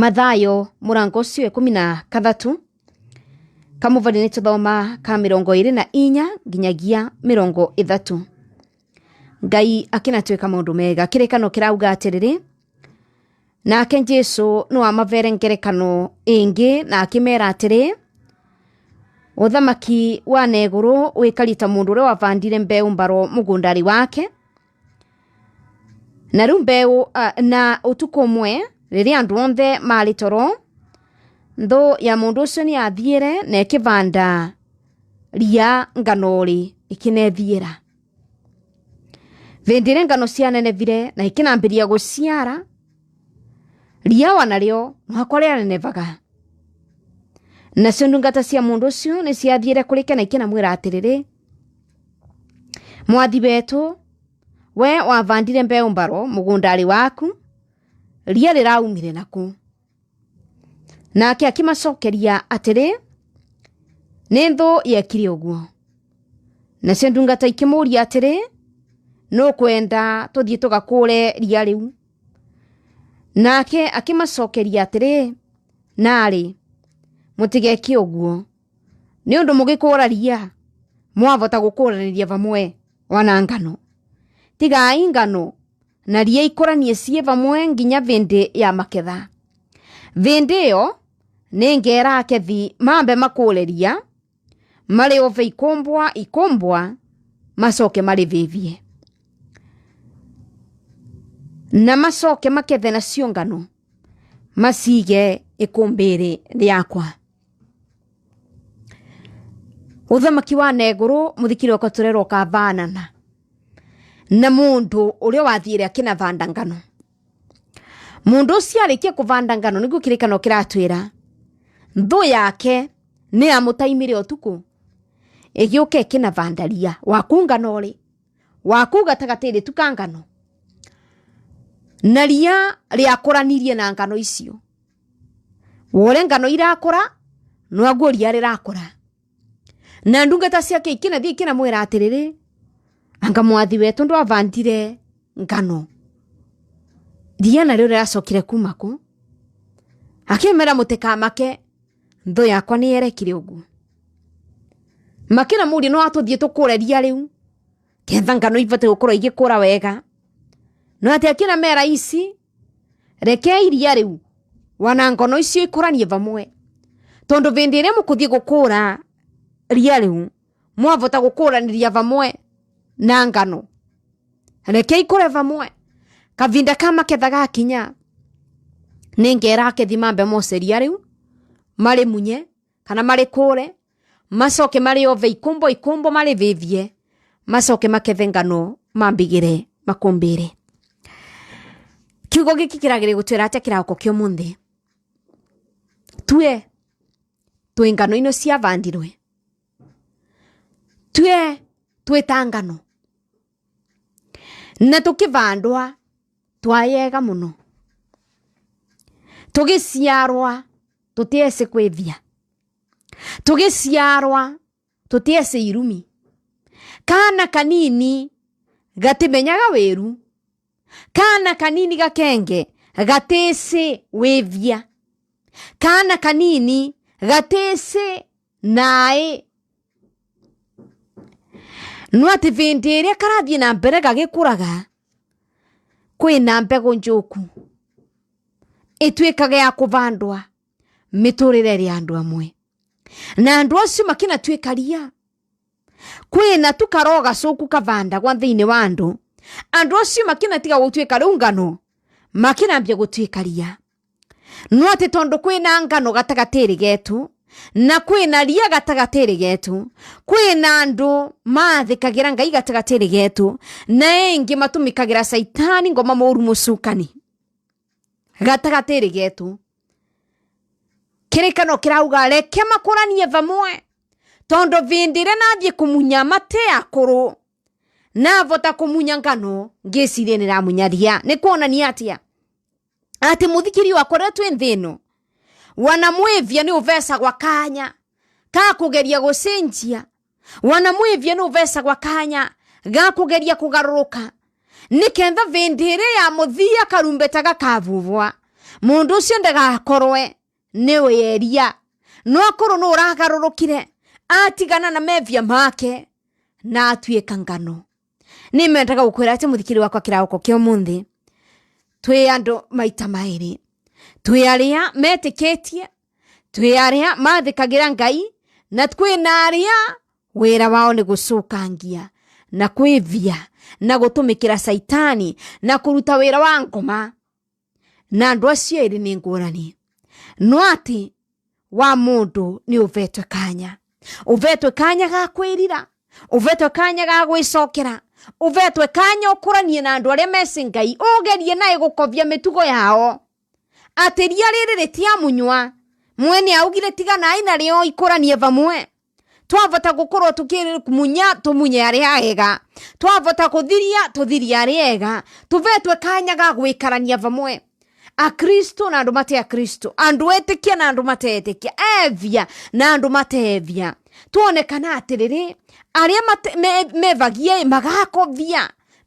mathayo murango ucio ikumi na kathatu kamuvali nituthoma ka mirongo iri na inya nginyagia mirongo ithatu ngai akinatwika maundu mega kirekano kirauga atiriri nake jesu no amavere ngerekano ingi na akimera atiri uthamaki wa neguru wikarita mundu uria wavandire mbeu mbaro mugundari wake na riu mbeu uh, ah, na utuku mwe riria andu onthe mari toro nthu ya mundu ucio ni athiire na ikivanda ria nganori ikinethiira vindi iria ngano cianenevire na ikinambiria guciara ria wanaryo mwakwa rianenevaga nacio ndungata cia mundu ucio ni ciathiire kuri na ikinamwira atiriri mwathi wetu we wavandire mbeu mbaro mugundari waku ria riraumire naku nake akimacokeria atiri ni thu yekire uguo nacio ndungata ikimuria atiri nukwenda kwenda tugakure ria riu nake akimacokeria atiri nari mutigeke uguo ni undu mugikura ria mwavota gukuraniria vamwe wanangano tigai ngano na ria ikoranie cii vamwe nginya vindi ya maketha vindi iyo ningerakethi mambe makureria mariove ikumbwa ikumbwa macoke marivithie na macoke makethe nacio ngano macige ikumbiri riakwa uthamaki wanaigu ru muthikirw ukaturerwa ukavanana na mundu uria wathiire akinavanda ngano mundu ucio arikie kuvanda ngano niguo kirikano kiratwira nthu yake ni amutaimire utuku igiuka ikinavanda ria waku nganori waku gatagatiri tu ka ngano na ria riakũranirie na ngano icio wore ngano irakũra nwaguo ria rirakũra na ndungata ciake ikinathii ikinamwira atiriri anga mwathi wetu ndo avandire ngano ria nario riracokire kuma ku akimera mutikamake nthu yakwa ni yerekire uguo makina muria no atuthie tukure ria riu ketha ngano ibate gukorwo igikura wega no ati akina mera ici reke iria riu wana ngono icio ikuranie vamwe tondu vindi iria mukuthie gukura ria riu mwavota ria vamwe na ngano reke ikure vamwe kavinda kama kethaga kinya ningera akethi mambe moseria riu mari munye kana mari kure macoke mari ove ikumbo ikumbo mari vivie macoke makethe ngano mambigire makumbire kiugo giki kiragire gutwira atia kirako kio munthi tue twi ngano ino ciavandirwe tue twita ngano na tukivandwa twayega muno tugiciarwa tutiesi kwithia tugiciarwa tutiesi irumi kana kanini gatimenyaga wiru kana kanini gakenge gatisi wivia kana kanini gatisi nae no ati vindi iria karathii na mbere gagikuraga kwina mbegu njuku itwikage ya kuvandwa miturire ri andu amwe na andu acio makinatuika ria kwina tukaroga karoo gacuku kavandagwa thiini wa andu andu acio makinatiga gutuika riu ngano makinambia gutuika ria no ati tondu kwina ngano gatagatiri getu na kwina ria gatagatirigetu kwina andu mathikagira nai gatgargu angimatumagiraita okanokiraugareke makuranie vamwe tondu vindi iria nathii kumunya matiakuru navota kmyaanocinamyria ninia ia ati muthikiri akoretu ithino wanamwivia ni uvesa gwa kanya kakugeria gucinjia wanamwivya ni uvesa gwa kanya gakugeria kugaruruka niketha vindi iri ya muthia karumbeta gakavuvwa mundu ucio ndegakorwe ni weria no akorwo no uragarurukire atigana na mevia make na atuika ngano ni mendaga gukwira ati muthikiri wakwa kirauko kia munthi twi andu maita mairi twä arä a metĩkĩtie twä arä ngai na kwĩna arä a wĩra wao nĩ gũcũkangia na kwĩvia na gũtũmĩkĩra na kuruta wĩra wa ngoma na andũ acio ĩrĩ nĩ ngũrani no atĩ wa mũndũ ni uvetwe kanya uvetwe kanya ga kwĩrira uvetwe kanya ga gwĩcokera uvetwe kanya ũkũranie na andũ aria meci ngai ũgerie na ĩgũkovia mĩtugo yao atä ria rä rä rä mwene augire tiganai narĩo ikũranie vamwe twavota gũkorwo tũkĩmunya tũmunye arĩa ega twavota kũthiria tũthirie arĩa ega tũvetwe kanyaga gwikarania gwĩkarania vamwe akristo na andũ mate akristo andũ kia na andũ matetĩkia evia na andũ matevia tuonekana atĩrĩrĩ arĩa mevagia magakovia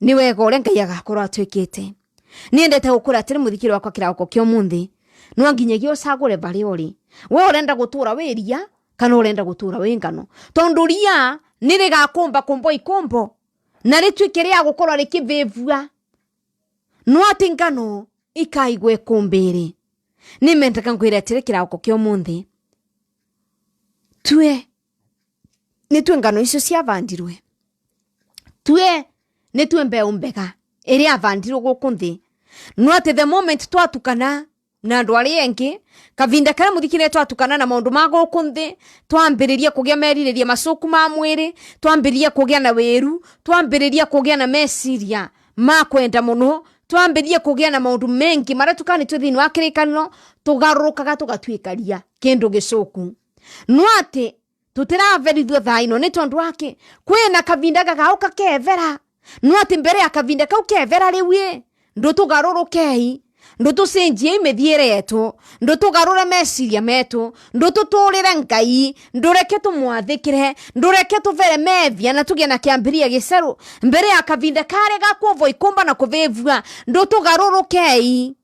ni wega uria ngai agakorwo atwikite ni endete gukura atiri muthikiri wakwa kirauko kio munthi no nginyagia ucagure bari uri we urenda gutura wi ria kana urenda gutura wi ngano tondu ria ni rigakumba kumbo ikumbo na rituike ria gukorwo rikivivua no ati ngano ikaigwe kumbiri ni mendeka ngwira atiri kirauko kio munthi tue ni tue ngano icio ciavandirwe tue nä tue mbeu mbega ä rä avandirwo gå kå nthä no atä the moment twatukana na andå arä engä kavinda karä må thikire twatukana na maå ndå ma gå kå nthä twambä rä ria kå gä a merirä ria macoku ma mwä rä twambä rä ria kå gä a na wä ru twambä rä ria kå gä a na meciria ma kwenda må no twambä rie kå gä a na maå ndå mengä marä a tukanä tue thä inä wa kä rä kanä tå garå kaga tå gatuä karia kä ndå gä coku no atä tå tä raverithua thaa ino nä tondå wakä kwä na kavinda gagauka kethera no atä mbere ya kavinda kau kevera rä u ä ndå tå garå rå kei ndå tå cenjie imä thiä re ndå tå garå re meciria metå ndå tå tå rä re ngai ndå reke tå mwathä kä re ndå reke tå na tå gä na kä ambä ria gä cerå mbere ya kavinda karä gakuovo ikå mba na kå vä vua ndå tå garå rå kei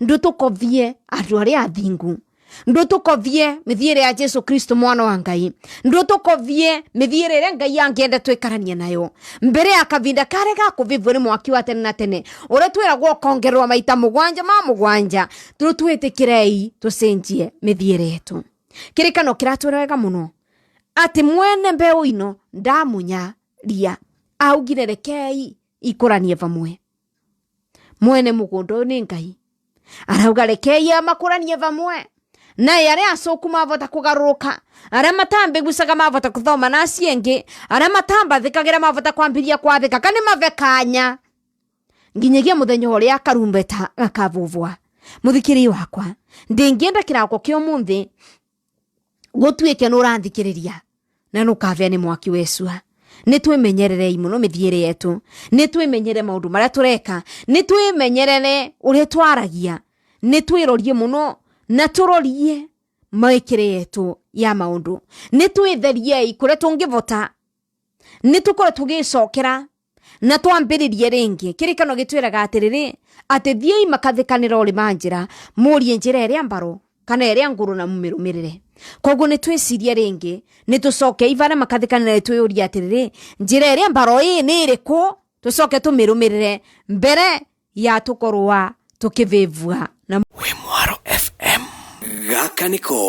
ndå tå kovie andå arä a athingu vie mithiere ya jesu kristo mwana wa ngai vie mithiere ya ngai angienda twikaranie nayo mbere ya kavinda kare ga kuvivwo ni mwaki wa tene na tene uria twiragwo kongerwa maita mugwanja ma mugwanja turu twitikirei tucenjie mithiere yetu kirikano kiratwira wega muno ati mwene mbeu ino ndamunya ria augire rekei ikuranie vamwe mwene mugundu ni ngai arauga rekei amakuranie vamwe naye aria acuku mavota kugaruruka aria matambi gucaga mavota kuthoma na acio engi aria matambathikagira mavota kwambiria kwathika kani mave kanya nginyagia muthenya uria karumbeta gakavuvwa muthikiri wakwa ndingienda kirako kia munthi gutuike ni uranthikiriria na nukavea ni mwaki wecua ni twimenyererei muno mithiire yetu ni twimenyere maundu maria tureka ni twimenyerere uria twaragia ni twirorie muno na turorie mawikire yetu ya maundu nitwitheriei kuria tungivota nitukore tugicokera na twambiririe ringi kirikano gitwiraga atiriri ati thiei makathikanira uri manjira murie njira iria mbaru kana iria nguru na mumirumirire koguo nitwicirie ringi nitucokei ivana makathikanira itwiurie atiriri njira iria mbaru ii ni iriku tucoke tumirumirire mbere ya tukorwa tukivivua Kagakane ko.